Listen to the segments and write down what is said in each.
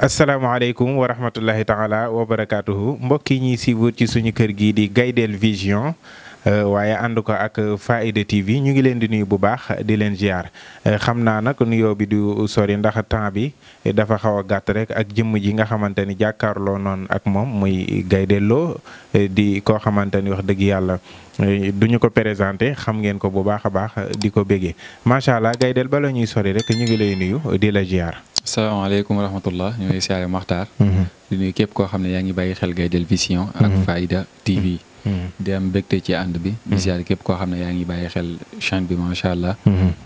asalaamaaleykum wa rahmatullahi taala wa barakaatuhu mbokk yi ñuy siiwut ci suñu kër gii di Gaydel Vision euh, waaye ànd ko ak Faaida TV ñu ngi leen di nuyu bu baax di leen ziar euh, xam naa nag nuyoo bi du sori ndax temps bi dafa xaw a gàtt rek ak jëmm ji nga xamante ni jàkkaarloo noonu ak moom muy Gaydel loo euh, di koo xamante ni wax dëgg yàlla duñu ko présenté xam ngeen ko bu baax a baax di ko béggee macha allah Gaydel bala ñuy sori rek ñu ngi lay nuyu di la ziar. salaamaaleykum wa rahmatullah ñu ngi siyaare Maxtaar mhm. di nuyu képp koo xam ne yaa ngi bàyyi xel Gaydel Vision ak mhm. Fayda TV mhm. di am mbégte ci ànd bi di siyaare képp koo xam ne yaa ngi bàyyi xel chaîne bi macha allah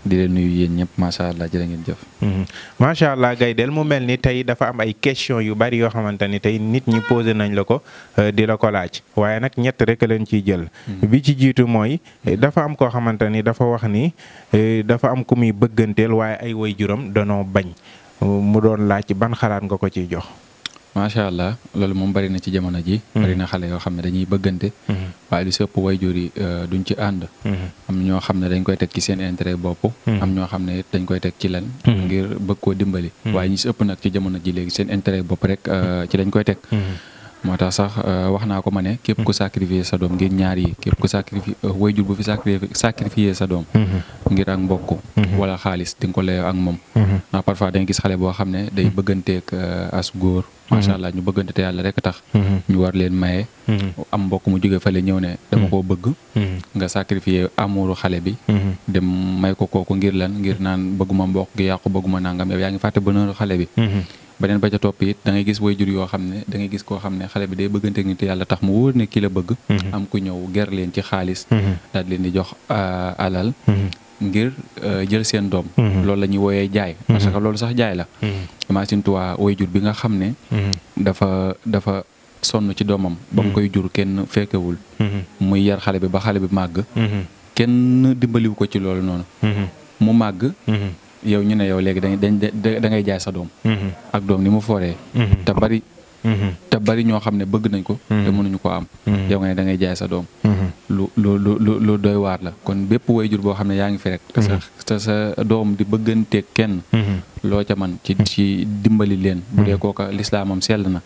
di leen nuyu yéen ñëpp macha allah jërë ngeen jëf macha allah Gaydel mu mel ni tey dafa am ay question yu bari yoo xamante ni tey nit ñi posé nañ la ko euh, di la ko laaj waaye nag ñett rek leen ciy jël bi ci jiitu mooy dafa am koo xamante ni dafa wax ni euh, dafa am ku muy bëgganteel waaye ay waajuram danoo bañ mu doon laaj ban xalaat nga ko ciy jox. macha allah loolu moom bari na ci jamono ji hmm. na xale yoo xam ne dañuy bëggante hmm. waaye lu sëpp wayjur yi euh, duñ ci ànd hmm. am ñoo xam ne dañ koy teg ci seen intérêt bopp am ñoo xam ne dañ koy teg ci lan ngir bëgg koo dimbali waaye ñu si ëpp nag ci jamono ji léegi seen intérêt bopp rek euh, ci dañ koy teg moo tax sax euh, wax ko ma ne képp ku hmm. sacrifier sa doom ngir ñaar yi képp ku sacrifier euh, wayjur bu fi sacrifier sa doom hmm. ngir ak mbokk hmm. wala xaalis di nga ko layoo ak moom ndax parfois danga gis xale boo xam ne day bëgganteeg euh, as góor macha allah ñu bëggante a yàlla rek tax ñu war leen maye am mbokk mu jóge fale ñëw ne dama koo bëgg nga sacrifier amuuru xale bi dem may ko kooku ngir lan ngir naan bëgguma mbokk gi yàqu bëgguma nangam yow yaa beneen ba ca topp it da ngay gis waajur yoo xam ne da ngay gis koo xam ne xale bi day bëggante nit yàlla tax mu wóor ne ki la bëgg mhm. am ku ñëw ger leen ci xaalis mhm. daal leen di jox alal mhm. ngir e, jël seen doom loolu la ñuy wooyee jaay parce que loolu sax jaay la imagine toi waajur bi nga xam ne dafa dafa sonn ci doomam ba mu koy jur kenn fekkewul muy yar xale bi ba xale bi màgg kenn dimbaliwu ko ci loolu noonu mu màgg yow ñu ne yow léegi dañ dañ da ngay jaay sa doom. Mhm. ak doom ni mu fooree. Mhm. te bari. Mhm. te bari ñoo xam ne bëgg nañ ko. te mënuñu ko am. yow nga ne da ngay jaay sa doom. lu lu lu lu doy waar la kon bépp wayjur boo xam ne yaa ngi fi rek. te sa te sa doom di bëgganteeg kenn. loo ca man ci dimbali leen. bu dee kooka lislaamam sell na.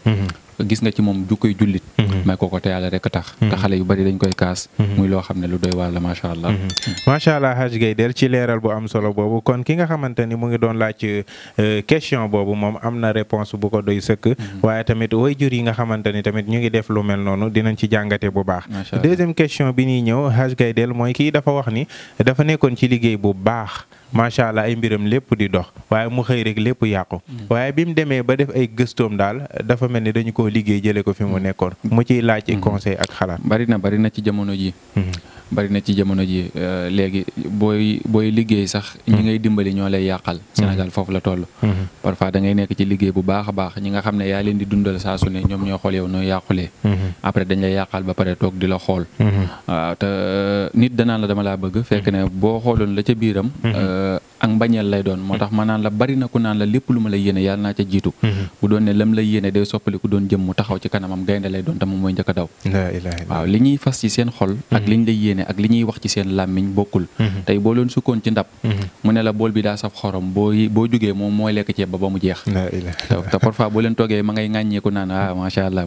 gis nga ci moom jukkoy jullit. may ko ko te a rek tax te mm-hmm. xale yu bari dañ koy kaas mm-hmm. muy loo xam ne lu doy waar la macha allah mm-hmm. macha allah Hadj Guèye del ci leeral bu am solo boobu kon ki nga xamante ni mu ngi doon laaj euh, question boobu moom am na réponse bu ko doy sëkk waaye tamit waajur yi nga xamante ni tamit ñu ngi def lu mel noonu dinañ ci jàngate bu baax deuxième question bi ñuy ñëw Hadj Guèye del mooy kii dafa wax ni dafa nekkoon ci liggéey bu baax macha allah ay mbiram lépp di dox waaye mu xëy rek lépp yàqu mm. waaye bi mu demee ba def ay gëstoom daal dafa mel ni dañu ko liggéey jëlee ko fi mu nekkoon mu ciy laaj ci mm. conseil ak xalaat bari na bari na ci jamono ji mm. bari na ci jamono ji euh, léegi booy booy liggéey sax ñi hmm. ngay dimbali ñoo lay yàqal hmm. Sénégal foofu la toll hmm. parfois da ngay nekk ci liggéey bu baax a baax ñi nga xam ne yaa leen di dundal saa su ne ñoom ñoo xool yow nooy yàqulee après dañ lay yàqal ba pare toog di la xool waaw ah, te euh, nit danaan la dama laa bëgg fekk ne boo xooloon la ca biiram euh, ak mbañeel lay doon moo hmm. tax ma naan la bari na ku naan la lépp lu ma la yéene yàlla naa ca jiitu hmm. bu doon ne lam la yéene day soppali ku doon jëm mu taxaw ci kanamam gaynde lay doon te mooy njëkk a daw waaw li ñuy fas hmm. la yéene ak li ñuy wax ci la bool bi daa saf xorom boo boo jógee moom mooy lekk ceeb ba ba mu jeex te parfois boo leen toogee ma ngay ŋàññeeku naan ah macha allah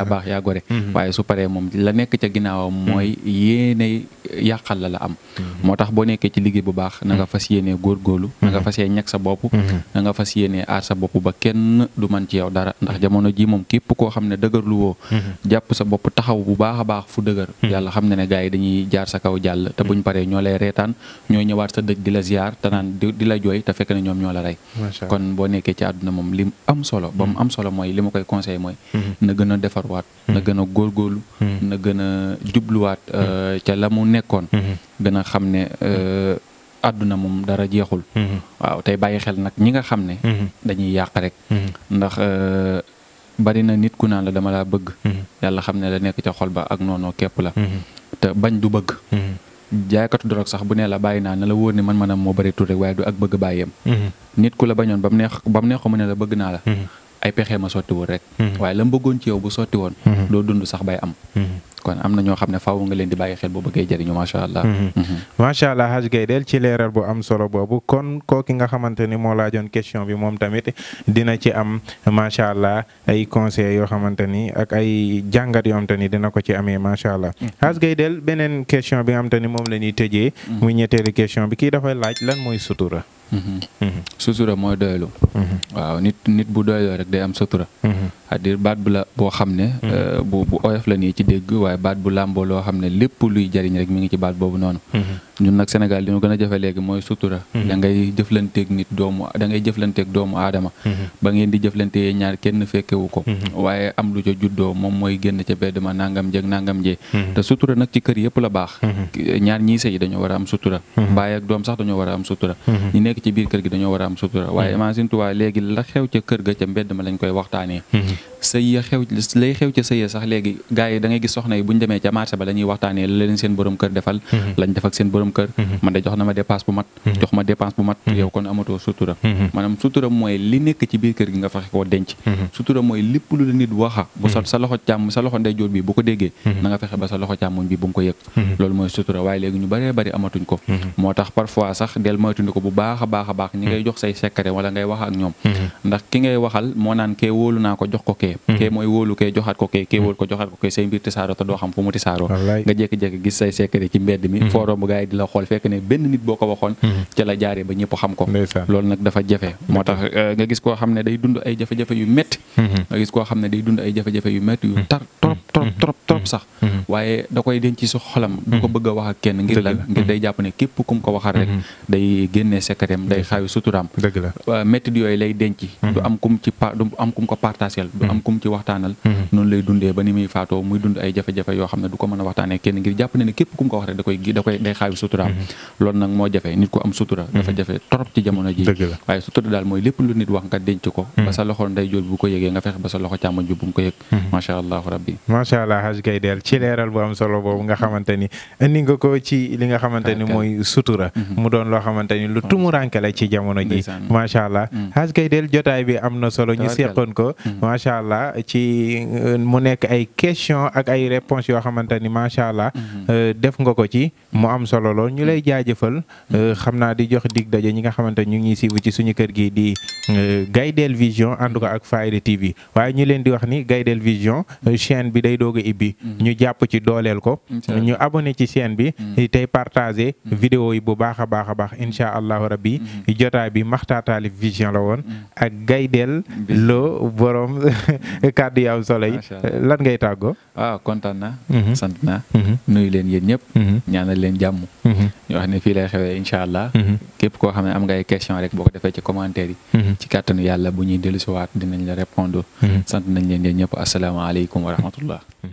ah. waaye su moom la nekk ca ginnaawam mooy yéene yàqal la la am moo tax boo nekkee ci liggéey bu baax na nga fas yéenee góorgóorlu da mhm. mhm. nga fas yee ñeg sa bopp da nga fas yéenee aar sa bopp ba kenn du man ci yow dara ndax jamono ji moom képp koo xam ne dëgër lu woo mhm. jàpp sa bopp taxaw bu baax a baax fu dëgër yàlla xam ne ne gars yi dañuy jaar sa kaw jàll te buñ paree ñoo lay reetaan ñoo ñëwaat sa dëj di la ziar te naan di la jooy te fekk na ñoom ñoo la rey kon boo nekkee ci àdduna moom li am solo ba am solo mooy li koy conseil mooy na gën a defarwaat na gën a na gën a euh, a àdduna moom dara jeexul. Mhm. waaw tey bàyyi xel nag ñi nga xam ne. Mhm. dañuy yàq rek. Mhm. ndax euh, bari na nit ku naan la dama la bëgg. yàlla xam ne la nekk ca xol ba ak noonu képp la. te bañ du bëgg. jaaykatu dorog sax bu nee la bàyyi naa na la wóor ne man maanaam moo bari tur rek waaye du ak bëgg bàyyeem. nit ku la bañoon ba mu neex ba mu neex mu ne la bëgg naa la. ay pexe ma sotti woon rek. waaye la mu bëggoon ci yow bu sotti woon. doo dund sax bay am. kon am na ñoo xam ne faaw nga leen di bàyyi xel bu bëggee jëriñu macha allah. Mhm. Mhm. macha allah Hadj Gaydel ci leeral bu am solo boobu kon kooki nga xamante ni moo laajoon question bi moom tamit dina ci am macha allah ay conseils yoo xamante ni ak ay jàngat yoo xamante ni dina ko ci amee macha allah. Mhm. Hadj Gaydel beneen question bi nga xamante ni moom la ñuy tëjee. muy ñetteelu question bi kii dafay laaj lan mooy sutura. Mm-hmm. Mm-hmm. sutura mooy doylu mm-hmm. waaw nit nit bu doyloo rek day am sutura cest baat bu la boo xam ne euh, bu bu oyof la nii ci dégg waaye baat bu làmboo loo xam ne lépp luy jariñ rek mi ngi ci baat boobu noonu ñun nag Sénégal li ñu gën a jafe léegi mooy sutura da ngay jëflanteeg nit doomu da ngay jëflanteeg doomu aadama ba ngeen di jëflante yee ñaar kenn fekkewu ko waaye am lu ca juddoo moom mooy génn ca bedd ma nangam jeeg nangam jee te sutura nag ci kër yëpp la baax ñaar ñii sëy dañoo war a am sutura a am nekk ci biir kër gi dañoo war a am sutura waaye hmm. imagine toi léegi la xew ca kër ga ca mbedd ma lañ koy waxtaanee hmm. sëy xew lay xew ca sëy sax léegi gars yi da gis soxna yi bu ñu ca marché ba la waxtaanee la seen borom kër defal hmm. lañ def seen borom kër man de jox na ma dépense bu mat yow kon amatoo sutura maanaam sutura mooy li nekk ci biir kër gi nga fexe koo denc sutura mooy lépp lu la nit waxa sa loxo càmm bi bu nga ko yëg loolu mooy a baax a baax ñi hmm. ngay jox say secret wala ngay wax ak ñoom hmm. ndax ki ngay waxal moo naan kee wóolu naa ko jox ko kee hmm. kee mooy wóolu kee joxaat ko kee kee say mbir tisaaroo te doo xam fu mu tisaaroo nga jékki-jékki gis say secret ci mbedd mi foo romb gaa yi di xool fekk ne benn nit boo ko waxoon ci la ba ñëpp xam ko loolu nag dafa jafe moo tax euh, nga gis koo xam ne day dund ay jafe-jafe yu métti nga gis koo xam ne day dund ay jafe-jafe yu métti yu tar trop waaye da koy denc ci xolam du ko mhm. bëgg a wax ak kenn ngir la ngir day mhm. jàpp ne képp kum ko waxal rek mhm. day génnee secretam day xaawi suturaam dëgg ko partagel du am kum ci waxtaanal noonu lay dundee ba ni muy faatoo muy dund ay jafe-jafe yoo xam ko mën a waxtaanee kenn ngir jàpp nag moo jafe nit ku am sutura dafa jafe trop ci jamono ji waaye sutura daal mooy lépp lu nit wax nga denc ko ba sa loxo ndeyjoor bu ko yëgee nga fexe ba sa loxo càmmoñ bi mu ko yëg macha allah rabbi macha allah ci leeral leeral bu am boobu nga xamante indi nga ko ci li nga xamante ni mooy sutura mhm. mu doon loo xamante ni lu tumuranke la ci jamono ji macha allah mhm. xaaj kay del jotaay bi am na solo ñu seqoon ko mhm. macha allah ci euh, mu nekk ay question ak ay réponse yoo xamante ni macha allah euh, def nga ko ci mu am solo lool ñu lay jaajëfal euh, xam naa di jox dig daje ñi nga xamante ñu ngi siibu ci suñu kër gi di Gaydel Vision ànd ko ak Faaida TV waaye ñu leen di wax ni Gaydel Vision chaîne ci dooleel ko ñu abonné ci chaîne bi mm. tey partagé mm. vidéo yi bu baax a baax a baax insha allahu rabbi mm. jotaay bi Maxtaar Taalif Vision la woon a gaydel loo borom kàddu yu am solo yi lan ngay tàggoo waaw kontaan na mm-hmm. sant na mm-hmm. nuyu leen yéen ñëpp mm-hmm. ñaanal leen jàmm ñu wax ne fii lay xewee allah képp koo xam ne am nga ay question rek boo ko defee ci commentaire yi ci kàttanu yàlla bu ñuy dellusiwaat dinañ la répondre sant nañ leen yéen ñëpp asalaamaaleykum wa